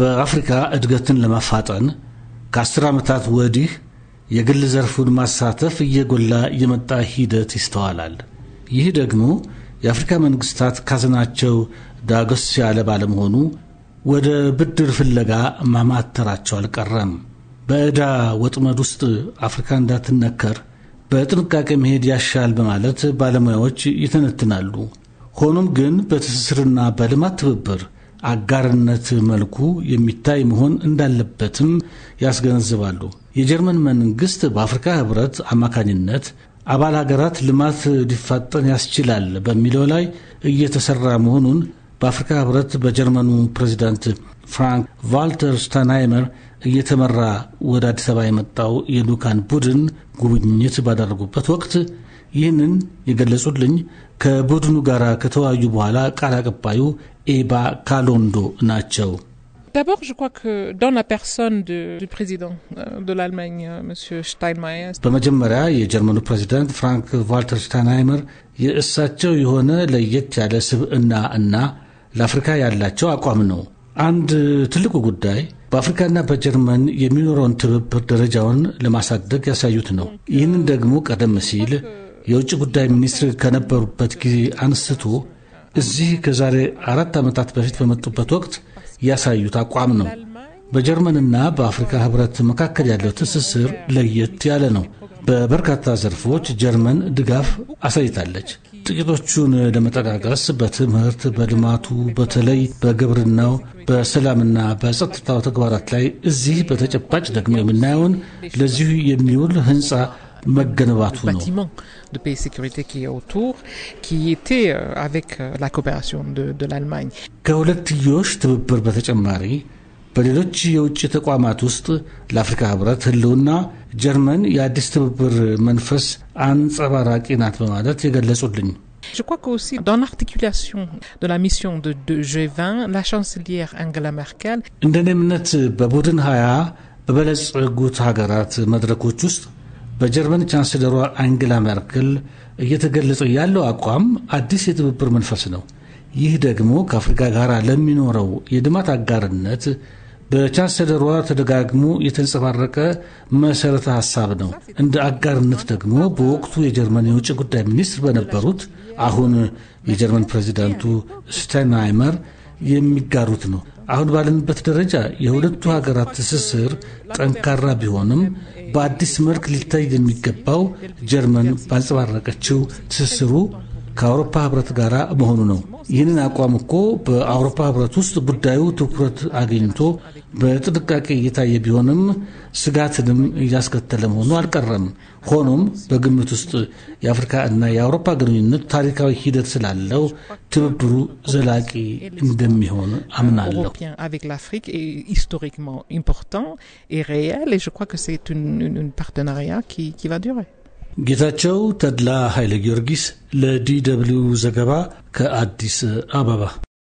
በአፍሪካ እድገትን ለማፋጠን ከአስር ዓመታት ወዲህ የግል ዘርፉን ማሳተፍ እየጎላ የመጣ ሂደት ይስተዋላል። ይህ ደግሞ የአፍሪካ መንግስታት ካዝናቸው ዳገስ ያለ ባለመሆኑ ወደ ብድር ፍለጋ ማማተራቸው አልቀረም። በዕዳ ወጥመድ ውስጥ አፍሪካ እንዳትነከር በጥንቃቄ መሄድ ያሻል በማለት ባለሙያዎች ይተነትናሉ። ሆኖም ግን በትስስርና በልማት ትብብር አጋርነት መልኩ የሚታይ መሆን እንዳለበትም ያስገነዝባሉ። የጀርመን መንግስት በአፍሪካ ህብረት አማካኝነት አባል ሀገራት ልማት ሊፋጠን ያስችላል በሚለው ላይ እየተሰራ መሆኑን በአፍሪካ ህብረት በጀርመኑ ፕሬዚዳንት ፍራንክ ቫልተር ስታንሃይመር እየተመራ ወደ አዲስ አበባ የመጣው የዱካን ቡድን ጉብኝት ባደረጉበት ወቅት ይህንን የገለጹልኝ ከቡድኑ ጋር ከተወያዩ በኋላ ቃል አቀባዩ ኤባ ካሎንዶ ናቸው። D'abord, je crois que dans la personne de, du président euh, de l'Allemagne, euh, M. Steinmeier. በመጀመሪያ የጀርመኑ ፕሬዚዳንት ፍራንክ ቫልተር ስታንሃይመር የእሳቸው የሆነ ለየት ያለ ስብዕና እና ለአፍሪካ ያላቸው አቋም ነው አንድ ትልቁ ጉዳይ በአፍሪካና በጀርመን የሚኖረውን ትብብር ደረጃውን ለማሳደግ ያሳዩት ነው። ይህንን ደግሞ ቀደም ሲል የውጭ ጉዳይ ሚኒስትር ከነበሩበት ጊዜ አንስቶ እዚህ ከዛሬ አራት ዓመታት በፊት በመጡበት ወቅት ያሳዩት አቋም ነው። በጀርመንና በአፍሪካ ህብረት መካከል ያለው ትስስር ለየት ያለ ነው። በበርካታ ዘርፎች ጀርመን ድጋፍ አሳይታለች። ጥቂቶቹን ለመጠቃቀስ በትምህርት፣ በልማቱ፣ በተለይ በግብርናው፣ በሰላምና በጸጥታው ተግባራት ላይ እዚህ በተጨባጭ ደግሞ የምናየውን ለዚሁ የሚውል ህንፃ መገንባቱ ነው። ከሁለትዮሽ ትብብር በተጨማሪ በሌሎች የውጭ ተቋማት ውስጥ ለአፍሪካ ህብረት ህልውና ጀርመን የአዲስ ትብብር መንፈስ አንጸባራቂ ናት በማለት የገለጹልኝ። Je crois qu'aussi dans l'articulation de la mission de, de G20, la chancelière Angela Merkel እንደኔ በቡድን ሀያ በበለጸጉት ሀገራት መድረኮች ውስጥ በጀርመን ቻንስለሯ አንጌላ ሜርክል እየተገለጸ ያለው አቋም አዲስ የትብብር መንፈስ ነው። ይህ ደግሞ ከአፍሪካ ጋር ለሚኖረው የልማት አጋርነት በቻንሰለሯ ተደጋግሞ የተንጸባረቀ መሰረተ ሀሳብ ነው። እንደ አጋርነት ደግሞ በወቅቱ የጀርመን የውጭ ጉዳይ ሚኒስትር በነበሩት አሁን የጀርመን ፕሬዚዳንቱ ስታይንሃይመር የሚጋሩት ነው። አሁን ባለንበት ደረጃ የሁለቱ ሀገራት ትስስር ጠንካራ ቢሆንም በአዲስ መልክ ሊታይ የሚገባው ጀርመን ባንጸባረቀችው ትስስሩ ከአውሮፓ ህብረት ጋር መሆኑ ነው። ይህንን አቋም እኮ በአውሮፓ ህብረት ውስጥ ጉዳዩ ትኩረት አግኝቶ በጥንቃቄ እየታየ ቢሆንም ስጋትንም እያስከተለ መሆኑ አልቀረም። ሆኖም በግምት ውስጥ የአፍሪካ እና የአውሮፓ ግንኙነት ታሪካዊ ሂደት ስላለው ትብብሩ ዘላቂ እንደሚሆን አምናለሁ። ጌታቸው ተድላ ኃይለ ጊዮርጊስ ለዲ ደብልዩ ዘገባ ከአዲስ አበባ